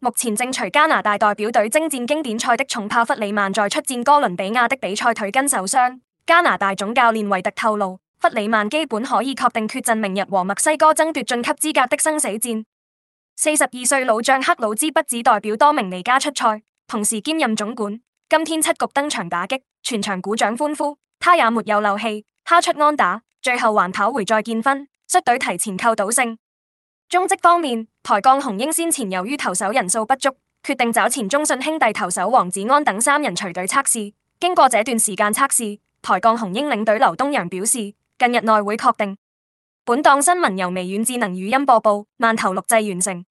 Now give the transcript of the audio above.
目前正隨加拿大代表隊征戰經典賽的重炮弗里曼在出戰哥倫比亞的比賽腿筋受傷，加拿大總教練維特透露，弗里曼基本可以確定缺陣明日和墨西哥爭奪晉級資格的生死戰。四十二歲老將克魯茲不止代表多明尼加出賽，同時兼任總管。今天七局登場打擊，全場鼓掌歡呼，他也沒有漏氣，哈出安打，最後還跑回再見分，率隊提前扣倒勝。中職方面，台鋼雄鷹先前由於投手人數不足，決定找前中信兄弟投手王子安等三人隨隊測試。經過這段時間測試，台鋼雄鷹領隊劉東陽表示，近日內會確定。本檔新聞由微軟智能語音播報，慢頭錄製完成。